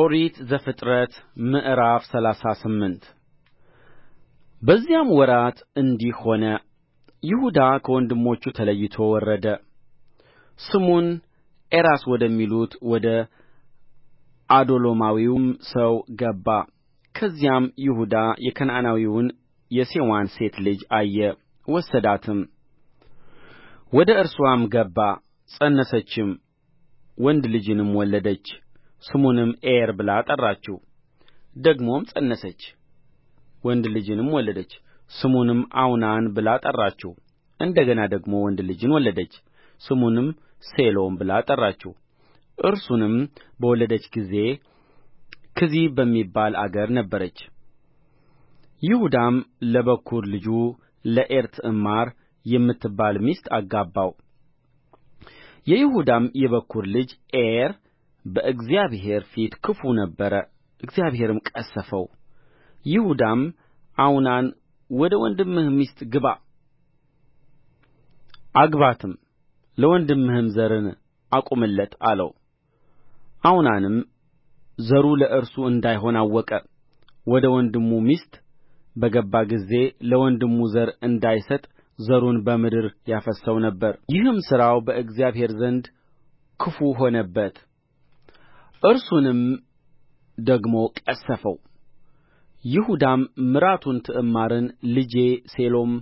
ኦሪት ዘፍጥረት ምዕራፍ ሰላሳ ስምንት በዚያም ወራት እንዲህ ሆነ ይሁዳ ከወንድሞቹ ተለይቶ ወረደ ስሙን ኤራስ ወደሚሉት ወደ ዓዶሎማዊውም ሰው ገባ ከዚያም ይሁዳ የከነዓናዊውን የሴዋን ሴት ልጅ አየ ወሰዳትም ወደ እርስዋም ገባ ፀነሰችም ወንድ ልጅንም ወለደች ስሙንም ኤር ብላ ጠራችው ደግሞም ፀነሰች ወንድ ልጅንም ወለደች ስሙንም አውናን ብላ ጠራችው እንደ ገና ደግሞ ወንድ ልጅን ወለደች ስሙንም ሴሎም ብላ ጠራችው እርሱንም በወለደች ጊዜ ክዚ በሚባል አገር ነበረች ይሁዳም ለበኵር ልጁ ለዔር ትዕማር የምትባል ሚስት አጋባው የይሁዳም የበኵር ልጅ ዔር በእግዚአብሔር ፊት ክፉ ነበረ እግዚአብሔርም ቀሠፈው ይሁዳም አውናን ወደ ወንድምህ ሚስት ግባ አግባትም ለወንድምህም ዘርን አቁምለት አለው አውናንም ዘሩ ለእርሱ እንዳይሆን አወቀ ወደ ወንድሙ ሚስት በገባ ጊዜ ለወንድሙ ዘር እንዳይሰጥ ዘሩን በምድር ያፈስሰው ነበር ይህም ሥራው በእግዚአብሔር ዘንድ ክፉ ሆነበት እርሱንም ደግሞ ቀሠፈው ይሁዳም ምራቱን ትዕማርን ልጄ ሴሎም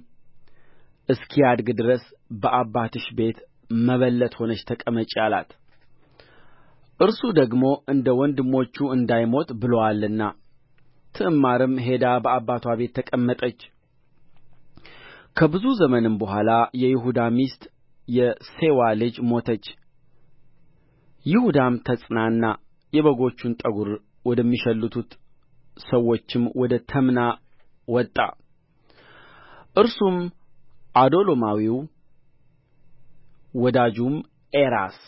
እስኪያድግ ድረስ በአባትሽ ቤት መበለት ሆነሽ ተቀመጪ አላት እርሱ ደግሞ እንደ ወንድሞቹ እንዳይሞት ብሎአልና ትዕማርም ሄዳ በአባትዋ ቤት ተቀመጠች ከብዙ ዘመንም በኋላ የይሁዳ ሚስት የሴዋ ልጅ ሞተች ይሁዳም ተጽናና የበጎቹን ጠጕር ወደሚሸልቱት ሰዎችም ወደ ተምና ወጣ እርሱም ዓዶሎማዊው ወዳጁም ኤራስ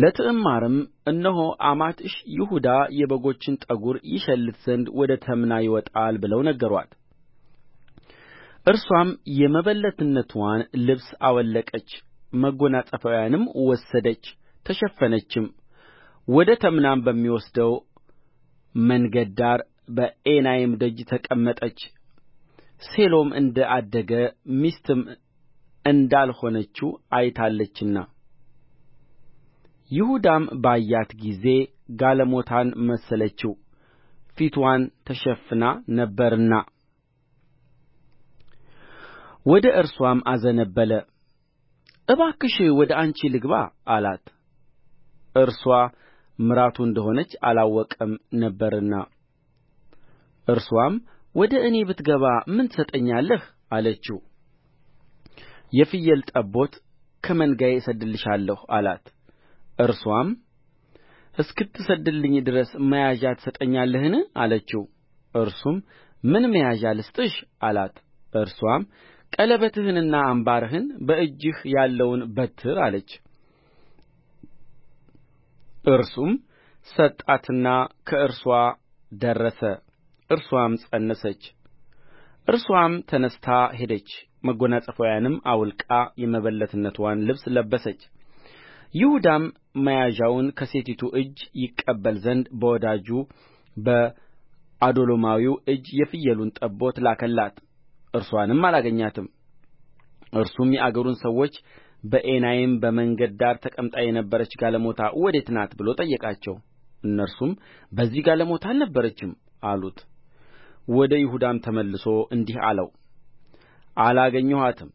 ለትዕማርም እነሆ አማትሽ ይሁዳ የበጎቹን ጠጕር ይሸልት ዘንድ ወደ ተምና ይወጣል ብለው ነገሩአት እርስዋም የመበለትነትዋን ልብስ አወለቀች መጎናጸፊያዋንም ወሰደች ተሸፈነችም ወደ ተምናም በሚወስደው መንገድ ዳር በኤናይም ደጅ ተቀመጠች ሴሎም እንደ አደገ ሚስትም እንዳልሆነችው አይታለችና ይሁዳም ባያት ጊዜ ጋለሞታን መሰለችው ፊትዋን ተሸፍና ነበርና ወደ እርስዋም አዘነበለ እባክሽ ወደ አንቺ ልግባ አላት እርስዋ ምራቱ እንደ ሆነች አላወቀም ነበርና እርስዋም ወደ እኔ ብትገባ ምን ትሰጠኛለህ አለችው የፍየል ጠቦት ከመንጋዬ እሰድድልሻለሁ አላት እርስዋም እስክትሰድድልኝ ድረስ መያዣ ትሰጠኛለህን አለችው እርሱም ምን መያዣ ልስጥሽ አላት እርስዋም ቀለበትህንና አምባርህን በእጅህ ያለውን በትር አለች እርሱም ሰጣትና ከእርስዋ ደረሰ እርስዋም ፀነሰች እርስዋም ተነሥታ ሄደች መጎናጸፊያዋንም አውልቃ የመበለትነትዋን ልብስ ለበሰች ይሁዳም መያዣውን ከሴቲቱ እጅ ይቀበል ዘንድ በወዳጁ በዓዶሎማዊው እጅ የፍየሉን ጠቦት ላከላት እርስዋንም አላገኛትም እርሱም የአገሩን ሰዎች በኤናይም በመንገድ ዳር ተቀምጣ የነበረች ጋለሞታ ወዴት ናት ብሎ ጠየቃቸው እነርሱም በዚህ ጋለሞታ አልነበረችም አሉት ወደ ይሁዳም ተመልሶ እንዲህ አለው አላገኘኋትም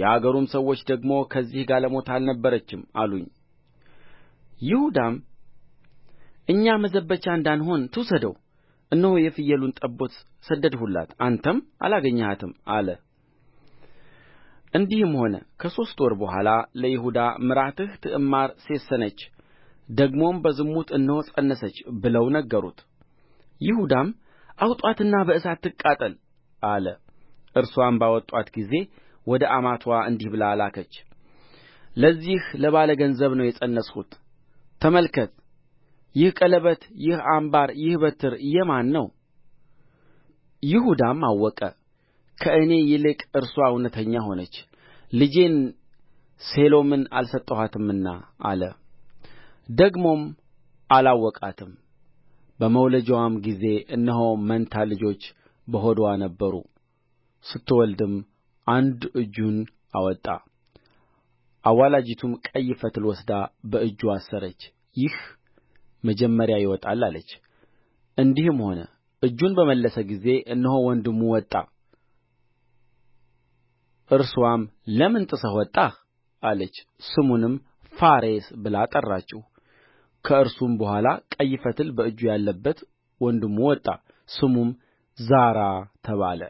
የአገሩም ሰዎች ደግሞ ከዚህ ጋለሞታ አልነበረችም አሉኝ ይሁዳም እኛ መዘበቻ እንዳንሆን ትውሰደው እነሆ የፍየሉን ጠቦት ሰደድሁላት አንተም አላገኘሃትም አለ እንዲህም ሆነ ከሦስት ወር በኋላ ለይሁዳ ምራትህ ትዕማር ሴሰነች ደግሞም በዝሙት እነሆ ፀነሰች ብለው ነገሩት ይሁዳም አውጡአትና በእሳት ትቃጠል አለ እርስዋም ባወጡአት ጊዜ ወደ አማትዋ እንዲህ ብላ ላከች ለዚህ ለባለ ገንዘብ ነው የፀነስሁት ተመልከት ይህ ቀለበት ይህ አምባር ይህ በትር የማን ነው ይሁዳም አወቀ ከእኔ ይልቅ እርስዋ እውነተኛ ሆነች ልጄን ሴሎምን አልሰጠኋትምና አለ ደግሞም አላወቃትም በመውለጃዋም ጊዜ እነሆ መንታ ልጆች በሆድዋ ነበሩ ስትወልድም አንዱ እጁን አወጣ አዋላጂቱም ቀይ ፈትል ወስዳ በእጁ አሰረች ይህ መጀመሪያ ይወጣል አለች እንዲህም ሆነ እጁን በመለሰ ጊዜ እነሆ ወንድሙ ወጣ እርስዋም ለምን ጥስህ ወጣህ አለች ስሙንም ፋሬስ ብላ ጠራችው ከእርሱም በኋላ ቀይ ፈትል በእጁ ያለበት ወንድሙ ወጣ ስሙም ዛራ ተባለ